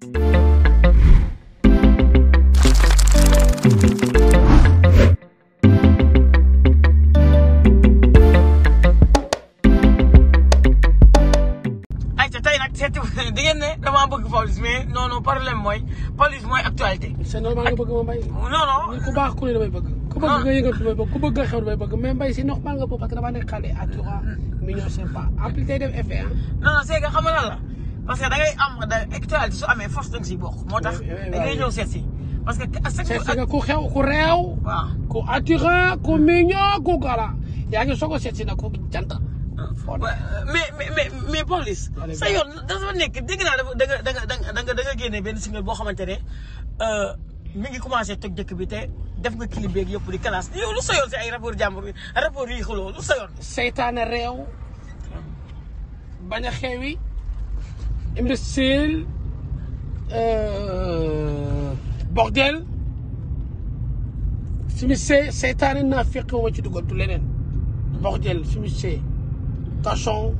di ngeen ne damaa bëgg Pawlish mais non non problème mooy Pawlish mooy actualité. c'est normal nga bëgg ma Mbaye. non non ku baax ku ne damay bëgg. ku bëgg nga yëngatu damay bëgg ku bëgg nga xew damay bëgg mais Mbaye si normal nga boobu parce que damaa nekk xale à trois millions c'est pas en plus day dem effet ah. non non c'est que xam nga lan la. parce que da ngay am da actualité su amee moo tax da ngay ñëw que seet si nga ku xew ku réew. waaw ku a seet si sa yoon da nga da nga da nga da nga boo xamante ne euh, mi ngi commencé toj dëkk bi te def nga clip yëpp di classe yow lu sa yoon si imbécile, euh, bordel su mu see seytaane naa fekk ma ci dugal tu leneen bordel su mu see tachon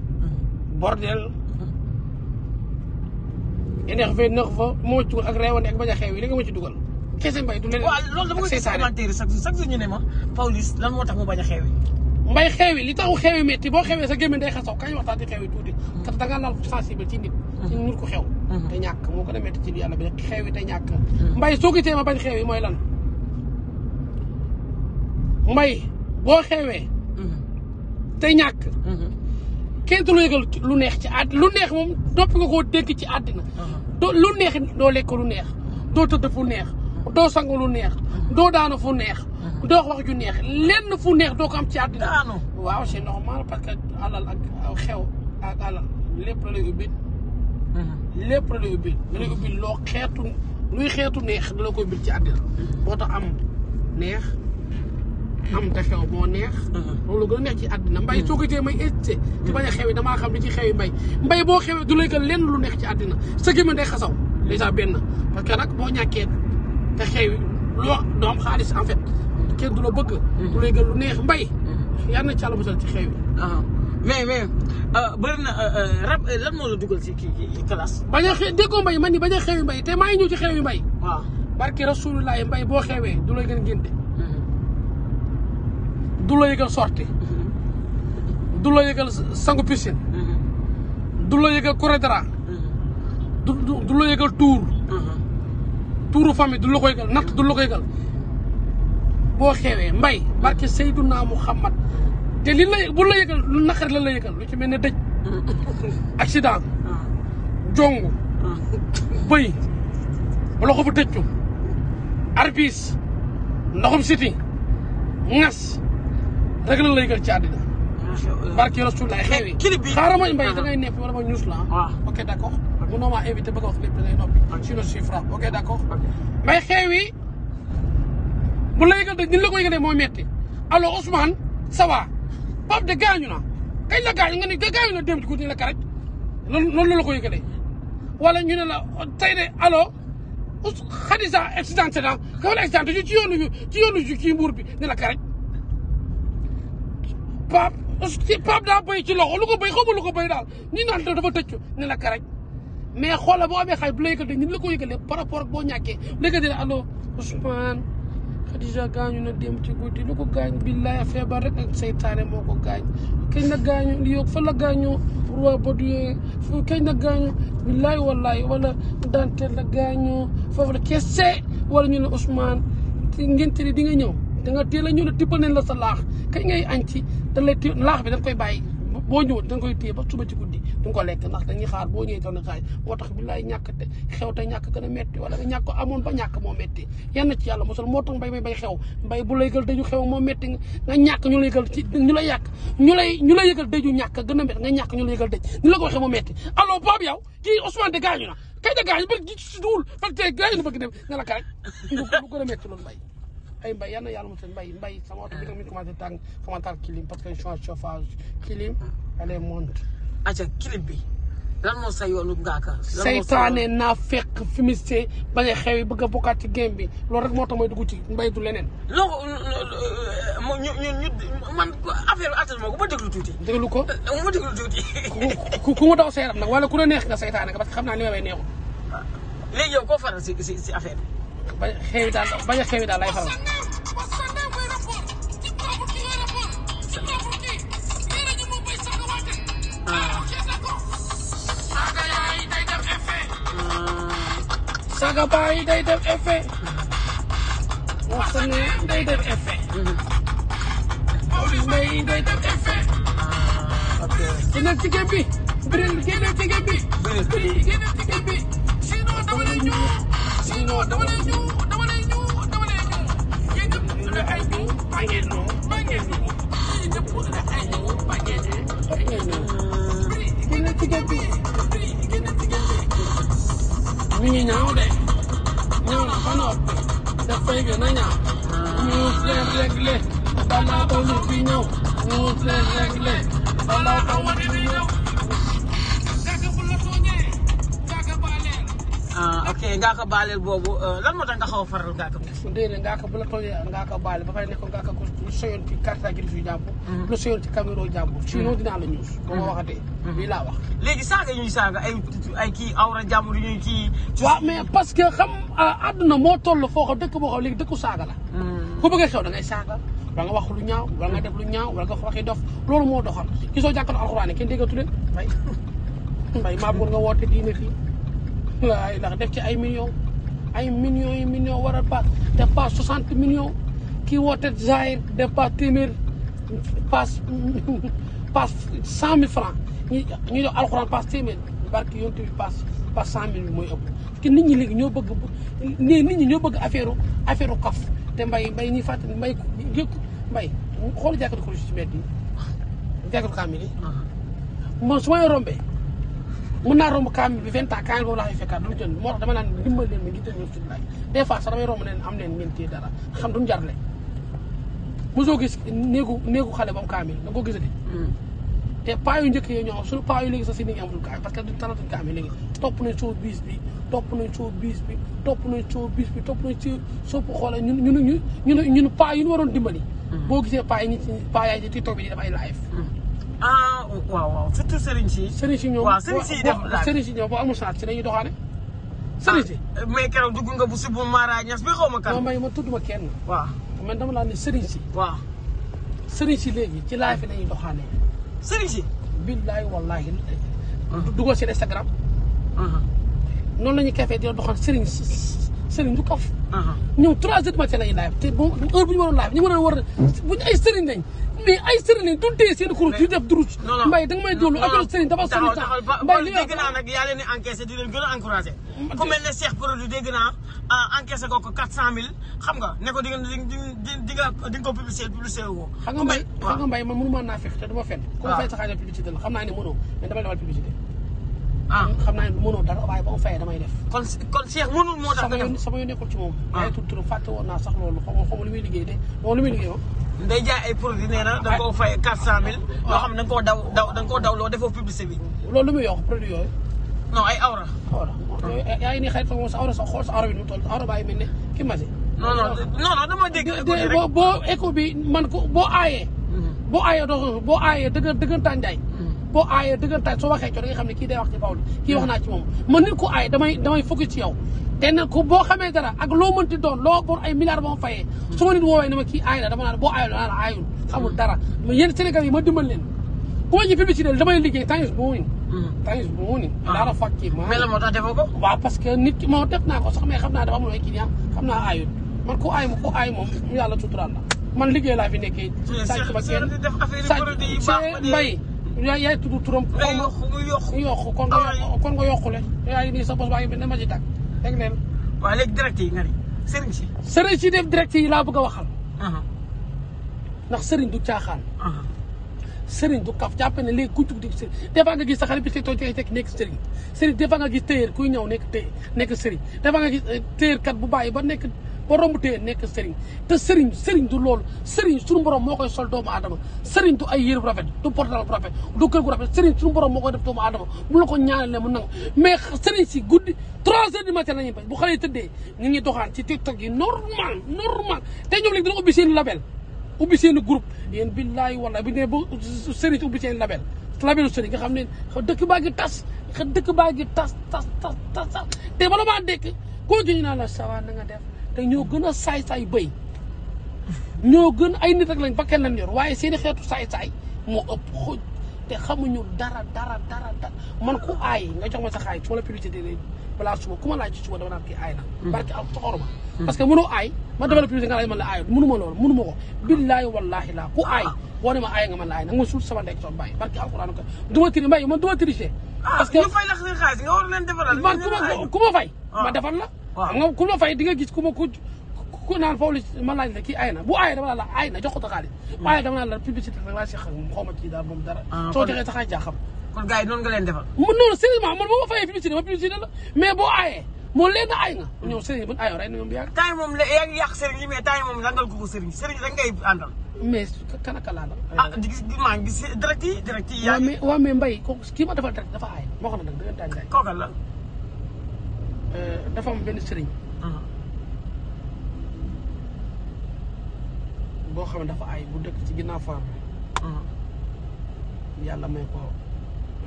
bordel énervé nerveux moo tugal ak reewane ak bañ a xeew ma ci dugal kese mbay du leneen waaw loolu dama ko gis ñu ne ma Pawlish lan moo tax mu bañ a xeewi mbay xeewi li taxu xeewi métti boo xeewee sa gémmiñ day xasaw kañ waxtaan di tuuti kat hmm. da laal sensible ci nit ci nit ku xew mm-hmm. te ñàkk moo gën a bi rek xew yi te ñàkk mm-hmm. mbay soo gisee ma bañ xew yi mooy lan mbay boo xewee mm-hmm. te ñàkk kenn du la yëgal lu neex ci àdd lu neex moom noppi nga koo dégg ci àddina doo lu neex doo lekk lu neex doo tëdd fu neex doo sangu lu neex doo daanu fu neex doo wax ju neex lenn fu neex doo ko am ci àddina waaw c'est normal parce que alal ak xew ak alal lépp la lay ubbi Mm-hmm. lépp la lay ubbil da lay loo xeetu luy xeetu neex da la koy ubbil ci àddina boo mm-hmm. tax am neex am te xew boo neex mm-hmm. loolu gën a neex ci àddina mbay soo ko jee may hésité ci bañ a damaa xam li ci xew yi mbay mbay boo xewee du lay lenn lu neex ci àddina sa gémmiñ day xasaw déjà benn parce que nag boo ñàkkee te xew yi loo doo am xaalis en fait kenn du la bëgg du lay gën lu neex mbay yal na ci Yàlla musal ci xew yi uh-huh. mais mais euh, bëri na euh, euh, rab lan moo la dugal ci kii classe. bañ a xew déggoo mbay man ni bañ a xewi mbay te maa ngi ñëw ci xewi mbay. waaw barki rasulullah mbay boo xewee du la gën génte mm-hmm. du la yëgal sorti mm-hmm. du la yëgal sangu piscine. Mm-hmm. du la yëgal corridor. du du la yëgal tuur. tuuru famille du la ko yëgal natt du la ko yëgal boo xewee mbay barki Seyduna Muhammad te li la bu la yëgal lu naqari lan la yëgal lu ci mel ne dëj accident ah. jongu ah. bëy loxo bu tëccu arbis ndoxum siti ŋas rek lan la yëgal ci àddina barki rasulullah xewi xaaral ma mbay da ngay nepp wala ma ñuus la ah. ok d' accord mu noo a wax lépp da ngay la dëj ni la ko yëgalee mooy metti alors Ousmane ça Pape de gaañu na kañ la gaañu nga ni gaañu na dem ci guddi la karaj lool la ko yëgalee wala ñu ne la oh, tey de alo Khadija accidenté na kaw la accidenté ñu ci yoonu ci yoonu ju kii mbuur bi ne la karaj Pape Pape daa béy ci loxo lu bay béy xawma lu ko béy daal ñu naan dafa tëcc ne la karaj mais xoolal boo amee xay bu la yëgal de ñu la ko yëgalee par rapport ak boo ñàkkee léegi de allo Ousmane Xadija gaañu na dem ci guddi lu ko gaañ billaay feebar rek ak seytaane moo ko gaañ kañ la gaañu li yow fa la gaañoo roi Badou yooyu kañ la gaañoo billaay wallaay wala Danteel la gaañoo foofu la Cees wala ñu ne Ousmane ci ngénte li di nga ñëw da nga teel a ñëw la nañ la sa laax kañ ngay añ ci da lay laax bi da koy bàyyi boo ñëwoon da nga koy téye ba suba ci guddi. duñ ko lekk ndax dañuy xaar boo ñëwee doon xaay moo tax billaay ñàkk te xew te ñàkk gën a metti wala nga ñàkk ko amoon ba ñàkk moo metti yenn ci yàlla mosul moo tax mbay may bay xew mbay bu lay gël dëju xew a ñu lay yëgal dëj ñu la ko waxee moo metti alors boobu yow kii Ousmane de gaañu ci duul fak te gaañu la ka rek lu gën a metti loolu mbay ay mbay yal na yàlla mbay mbay sama oto aca clip bi lan moo sa yoonu ngaaka. saytaane naa fekk fumiste bañ a xew yi bëgg a bokkaat ci game bi loolu rek moo tax may dugg ci mbay du leneen. loo ko ñu ñu ñu man affaire bi attan ma ko ba déglu tuuti. déglu ko eh, eh, ma déglu tuuti. ku ku mu daw seeram na wala ku la neex nga saytaane nga parce que xam naa li may may neexul. léegi yow koo faral si si si affaire bi. bañ daal bañ a daal lay faral. saaga baa yi day def effet wax sa neen day def effet Pawlish Mbaye yi day def effet génnal ci gem bi Bril génnal ci gem bi Bril génnal ci gem bi sinon dama lay ñëw sinon dama lay ñëw dama lay ñëw dama lay ñëw yéen ñëpp ñu ne ay ñëw baa ngeen ñëw baa ngeen ñëw yéen ñëpp ñu ne ay ñëw baa ngeen ñëw Bril génnal ci gem bi Bril génnal ci gem bi mi ngi ñaaw de ba noppi dafay gën a ñaaw muus leen réglé balaa ba nit bi ñëw muus leen réglé balaa ba nit bi ñëw mais eh, ngaaka baaleel boobu eh, lan moo tax nga xaw a faral ngaaka bi. su dee ne ngaaka bu la tooñee ngaaka baale ba pare ne ko a ko lu soyoon ci carte grise jàmbur. lu mhm. mhm. dinaa la ñuus. ba mhm. ma waxatee. lii laa wax. léegi saaga ñuy saaga ay ay kii awra jàmbur ñuy parce que xam ah, àdduna moo toll foo xam dëkk boo xam léegi la. ku bëggee xew da ngay saaga. lu ñaaw wala nga def lu ñaaw wala nga waxi dof loolu ki soo jàkkaarloo alxuraan kenn déggatu leen mbay maa bëggoon nga woote diine fii waaye ndax def ci ay millions ay millions yi millions war a paas dépasse soixante millions kii woote Zaire dépasse téeméer paas paas cent mille francs ñu ñu jox alxuraan paas téeméer barke yonent bi paas paas cent mille mooy ëpp parce nit ñi léegi ñoo bëgg ne nit ñi ñoo bëgg affaire affaire kaf te mbay mbay ñuy fàttali mbay gékk mbay xool jàkkatu ko ci mbedd yi jàkkatu kaamil ah. su may rombee mën naa romb kaamil bi vingt ans kaamil boobu laa fay fekkaat du jënd moo tax dama naan dimbal leen ma ngi tënk ñoom suñu laaj des fois sax damay romb neen am leen ngeen téye dara xam duñ jarle mosoo gis néegu néegu xale ba mu kaamil da nga ko gisati hmm. te paa yu njëkk yooyu ñoo am suñu paa yu léegi sax si ni ngi amatul kaamil parce que du talatuñ kaamil léegi topp nañ soo biis bi topp nañ soo biis bi topp nañ soo biis bi topp nañ ci sopp xoola ñun ñun ñun ñun paa ñu waroon dimbali hmm. boo gisee paa yi ñi paa yaay ci TikTok bi di ay live hmm. ah oh, waaw waaw surtout sëriñ si. sëriñ si ñoom waaw sëriñ si dem laaj sëriñ si ñoom boo amul chance si dañuy doxaane. sëriñ si ah, mais keroog dugg nga bu subu Mara Niass bi xaw ma kan. non mais man tudd ma kenn. waaw man dama laa ne sëriñ si. waaw sëriñ si léegi ci laay fi dañuy doxaane. sëriñ si. billahi wallahi uh-huh. duggal seen Instagram. Uh-huh. noonu la ñuy kafee di doxal sëriñ si sëriñ du kaf. Uh-huh. ñoom 3 heures du matin la ñuy live te bon heure bu ñu waroon live ñu waroon war bu ñu ay sëriñ lañ. lii ay sëriñ du tee seen xurus di def duruj mbay danga may dóolu affaire sëriñ dafa sori sax mbay li dégg naa nag yaa leen di encaissé di leen gën a encouragé ku mel ne Cheikh produit dégg naa ah, encaissé ko ko quatre cent mille xam nga ne ko di nga di nga di nga ko publicité publicité woo xam nga mbay xam nga mbay man mënu maa naa fekk te dama fenn ku ma fay saxaar publicité la xam naa ne mënoo mais damay defal publicité ah hmm, xam naa ne mënoo dara waaye ba mu fayee damay def kon kon Cheikh mënul moo tax sama yoon nekkul ci moom ah. ay tur tur fàtte woon naa sax loolu xaw ma xaw ma lu muy liggéey de moom lu muy liggéey day jaay ay produits nee na da nga koo fay 400000. waaw ah. xam ne da koo daw daw da koo daw defoo publicité bi. loolu lu muy yokk produit yooyu. non ay awra. awra yaa ngi nii xayma moom sa awra sa xool sa awra bi nu mu toll awra bàyyi mel ne ki ma non non non non dama dégg. boo boo écho bi man ko boo aayee. Mhm. boo aayee doo boo aayee dëgg dëggantaan njaay. Mhm. boo aayee dëggantaan soo waxee coono nga xam ne kii day wax ci Pawlish kii mhm. wax naa ci moom man nit ku aay damay damay focus ci yow te nag ku boo xamee dara ak loo mënti doon loo bor ay milliards ba ma fayee nit woowee ne ma kii aay la dama naan boo aayul naa la aayul xamul dara mais yéen Sénégal yi ma dimbal leen ma ñu publicité damay liggéey tàngis bu munin hmm. tàngis bu munin ah. daara fakki ma mais la moo tax defoo ko waaw parce que nit ki moo def naa ko sax mais xam naa dafa amul ay client xam naa aayul man ku aay ku aay moom mu yàlla suturaal la man liggéey laa fi nekkee sàcc ba kenn sàcc mbay yaay yaay tudd turam kon nga yokkule yaay nii sa bos baa ngi ne ma dégg ngeen. waaw léegi direct yi nga ni sëriñ si. sëriñ si def direct yi laa bëgg a waxal. ndax sëriñ du caaxaan. sëriñ du kaf jàpp ne léegi ku jug di sëriñ des fois nga gis sa xale bi too tey nekk sëriñ sëriñ des nga gis téyeer kuy ñëw nekk téye nekk sëriñ des nga gis euh, téyeerkat bu bàyyi ba nekk. ba romb tee nekk sëriñ te seriñ sëriñ du loolu sëriñ suñu borom moo koy sol doomu adama sëriñ du ay yére bu rafet du portal bu rafet du kër gu rafet sëriñ suñu borom moo koy def doomu aadama bu la ko ñaanal ne mu nangu mais sëriñ si guddi trois heures ma matin la ñuy bañ bu xale tëddee ñu ngi doxaan ci tiktok yi normal normal te ñoom léegi dina ubbi seen label ubbi seen groupe yéen billaay wallaay bu ñu nee ba sëriñ ubbi seen label labelu sëriñ nga xam ne dëkk baa tas dëkk baa ngi tas tas tas tas te bala maa dekk koo ci naa naan la sawa na nga def te ñoo gën a saay-saay bëy ñoo gën a nit rek lañ ba kenn lañ yor waaye seeni xeetu saay-saay moo ëpp xoj te xamuñu dara dara dara dara man ku aay nga jox ma sa xaalis wala publicité léegi balaa suba ku ma laaj ci suba dama naan aay na mm. barke am mm. soxoruma billaahi wallaahi laa ku aay boo ne ma aay nga man la aay nag ma suuf sama ndek soon bàyyi barke alxuraan ko du tiri mbay man du ma tricher ah, parce que ñu fay la seen xaalis nga war leen defaral man ku ma fay ma ah. waaw xam nga ku ma fay di nga gis ku ma ku ku naan Pawlish man laaj la kii bu aay dama la aay na jox ko taxaalis. Hmm. aay dama la publicité rek waa Cheikh moom xaw ma kii daal moom dara. Ah, soo joxee sax jaaxam. kon gars yi noonu nga leen defal. mu noonu sérieusement ma fayee publicité ma publicité la mais boo aayee moo bu ñu aayoo rey na hmm. ñoom bi yàgg. temps yii moom la yaa ngi yàq sëriñ yi mais temps yii moom langal ko ko sëriñ sëriñ laa la. ah di gis maa ngi gis kii ma defal direct dafa aay Euh, dafa benn sëriñ. Ah. boo xam ne dafa ay bu dëkk ci ginnaaw faar ah. yàlla may ko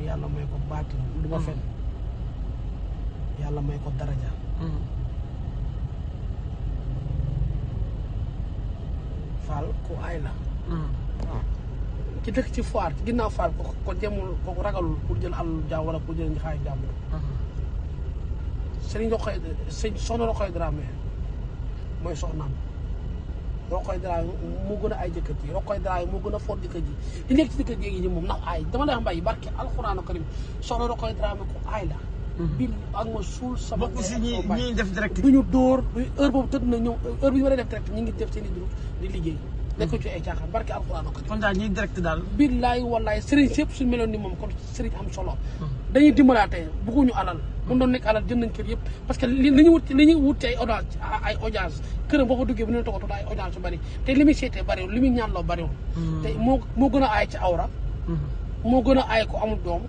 yàlla may ko baatin du ma ah. yàlla may ko daraja. faal ku ay la. ci dëkk ci faar ci ginnaaw faar ko ko jemul ko ragalul pour jël alal jaam wala pour jël xaalis jaam sëriñ Rokhaya sëñ soxna Rokhaya Dramé mooy soxnaam Rokhaya Dramé moo gën a ay jëkkër ji Rokhaya Dramé moo gën a foor jëkkër ji li nekk ci jëkkër ji yi moom ndax aay dama lay mbay barke alxuraanu karim soxna Rokhaya Dramé ku ay la mhm. bil ak ma suul sama bokk si ñi def direct du ñu dóor heure boobu tëdd na ñëw heure bi ñu def direct ñu ngi def seen i di liggéey nekkul ci ay caaxaan barke alxuraan ko. kon daal ñuy wallaay sëriñ si yëpp suñu meloon ni moom kon sëriñ am solo. Hmm. dañuy dimbalaatee bëgguñu alal. bu hmm. na nekk alal jënd nañ kër yëpp parce que li li ñu wut li ñuy wut ci ay audience ay audience boo ko duggee bu ñu toog ay audience yu te li muy seetee bëriwul li muy ñaanloo bëriwul. Hmm. te moo moo gën a aay ci awra. moo gën a aay ko amul doom.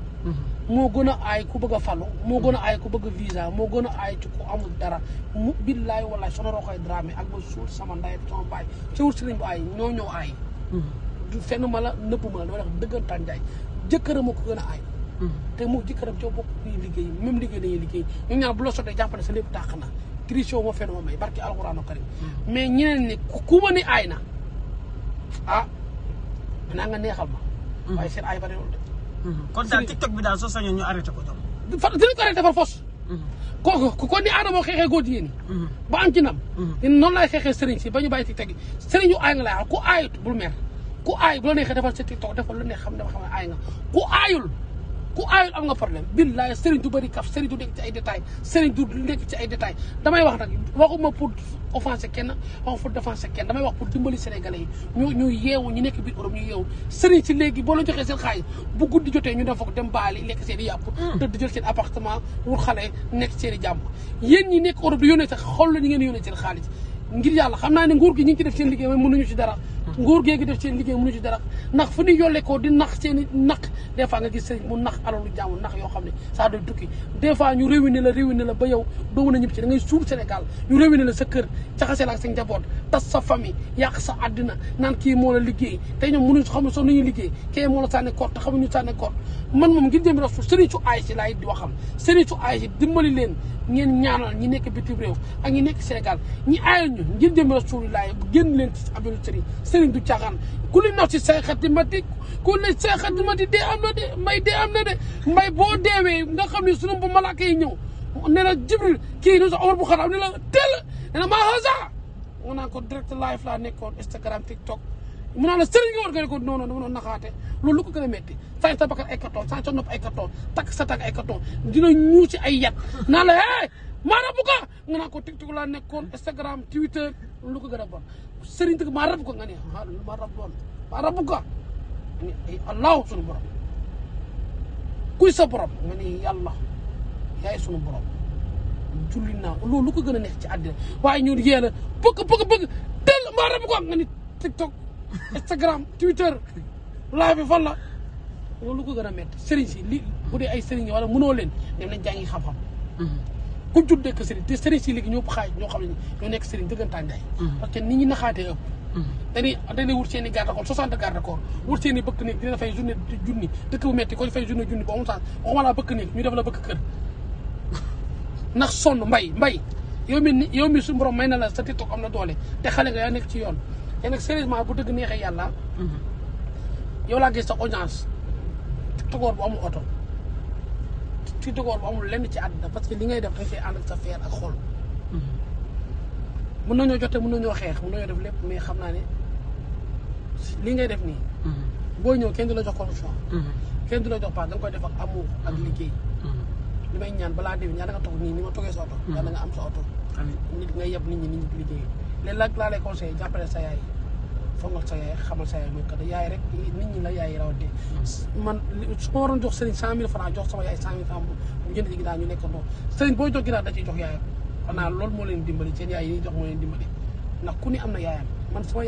moo gën a ay ku bëgg falo moo gën a ay ku bëgg a visa moo gën a ay ci ku amul dara mu billaay wallaay sono rokoy dramé ak ba suur sama nday sama baay cawur sëriñ bu aay ñoo ñëw aay mm-hmm. du fenn ma la nëpp ma la dama def dëggantaan ko gën a aay mm-hmm. te mu jëkkëram ca liggéey même liggéey dañuy liggéey ñu ñaar bu la sotee jàpp ne sa lépp tàq na trition moo fen mm-hmm. mais ñeneen ni ku ma ni aay na ah, nga neexal ma waaye seen aay ba de Mm-hmm. kon daal TikTok bi daal soo soññee ñu arrêté ko ñoom. fa dinañ ko arrêté par force. Mm-hmm. kooku ku ko ni aadama xeexee góor jigéen ñi. Mm-hmm. ba am ci ndam. noonu laay xeexee sëriñ si ba ñu bàyyi TikTok yi sëriñ yu aay nga laa ku aayut bul mer ku aay bu la neexee defal sa TikTok defal lu neex xam dama xam aay nga ku aayul ku aayul am nga problème billaay sëriñ du bëri kaf sëriñ du nekk ci ay détails sëriñ du nekk ci ay détails damay wax nag waxuma pour offenser kenn waxuma pour défenser kenn damay wax pour dimbali sénégalais yi ñu ñu yeewu ñu nekk biir Europe ñu yeewu sëriñ si léegi boo la joxee seen xaalis bu guddi jotee ñu dem foog dem baali lekk seen i yàpp hmm. tëdd jël seen appartement wut xale nekk seen jàmm yéen ñi nekk Europe di yónnee sax xool la ñu ngeen yónnee seen naa ne nguur gi ñi ngi mënuñu ci dara nguur gee gi def seen liggéey mënu ci dara ndax fu ñuy yolle ko di nax seen i naq des fois nga gis sëriñ mu nax alalu jàmm nax yoo xam ne saa doy tukki des fois ñu réwine la réwine la ba yow doo mën a ñëpp ci da ngay suur Sénégal ñu ne la sa kër jaxasee la ak sa njaboot tas sa fami yàq sa àddina naan kii moo la liggéey tey ñoom mënu xam ne sax nu ñuy liggéey kii moo la sànni kort te xamuñu sànni kort man moom ngir jëm rasul sëriñu ASC laay di waxam sëriñu ASC dimbali leen ngeen ñaanal ñi nekk bitim réew ak ñi nekk Sénégal ñi aayal ñu ngir jëm rasul laay génn leen ci abiru sëriñ sëriñ du caaxaan ku li naw si sayxati mati ku li sayxati mati dee am na de mbay dee am na de mbay boo deewee nga xam ne sunu bu malaaka yi ñëw nee na jibril kii nu sa omar bu xaraam ne la teel nee na maa xasa nga naan ko direct live laa nekkoon Instagram TikTok mu naan la sëriñ nga war nga ne ko non non dama doon gën a métti saay sa ay carton saa sa nopp ay carton takk sa tànk ay carton dina ñuu ay yat naan la hey maanaam bu nga naan ko tiktok laa nekkoon Instagram Twitter lu gën a bon sëriñ dëgg maa rab nga ne maa rab bon maa rab ko ni eh, ay sunu borom kuy sa borom nga ni yaay sunu borom julli naa ko loolu gën a neex ci waaye ñun yéen a bëgg bëgg bëgg teel nga ni tiktok Instagram Twitter laa bi fan la loolu lu ko gën a métti sëriñ si lii bu dee ay sëriñ wala mënoo leen dem nañ jàngi xam-xam ku juddee ko sëriñ te sëriñ si léegi ñoo xaaj ñoo xam ne ñoo nekk sëriñ dëggantaan day hmm. parce que nit ñi naxaatee ëpp hmm. dañuy dañuy wut seen i garde corps soixante garde i bëkk néeg dina fay journée junni dëkk bu métti ko fay journée junni bëkk néeg ñu def la bëkk kër ndax sonn mbay mbay yow mi yow mi suñu borom may na la sa tiktok am na doole te xale nga yaa nekk ci yoon te nag sérieusement bu dëgg neexee yàlla. Mhm. yow laa gis sa audience ci tukkoor bu amul oto ci tukkoor bu amul lenn ci àddina parce que li ngay def dañ see ànd sa feer ak xol. mën mhm. nañoo jote mën nañoo xeex mën nañoo def lépp mais xam naa ne li ngay def nii. Mhm. booy ñëw kenn du la jox corruption. kenn du la jox paas da koy def ak amour ak liggéey. li may ñaan balaa déwén ñaan da nga toog nii ni ma toggee sa oto. yàlla nga am sa oto. amiin nit nga yeb nit ñi nit ñi liggéey. léegi nag laa lay conseillé jàppale sa yaay fongal sa yaay xamal sa yaay mooy kat yaay rek nit ñi la yaay rawatee. man su ma waroon jox Serigne cent mille franc jox sama yaay cent mille franc mu jënd ci ginaar ñu nekk ndox Serigne booy jox ginaar da ciy jox yaayam xanaa loolu moo leen dimbali seen yaay yi ñuy jox moo leen dimbali ndax ku ni am na yaayam man sama.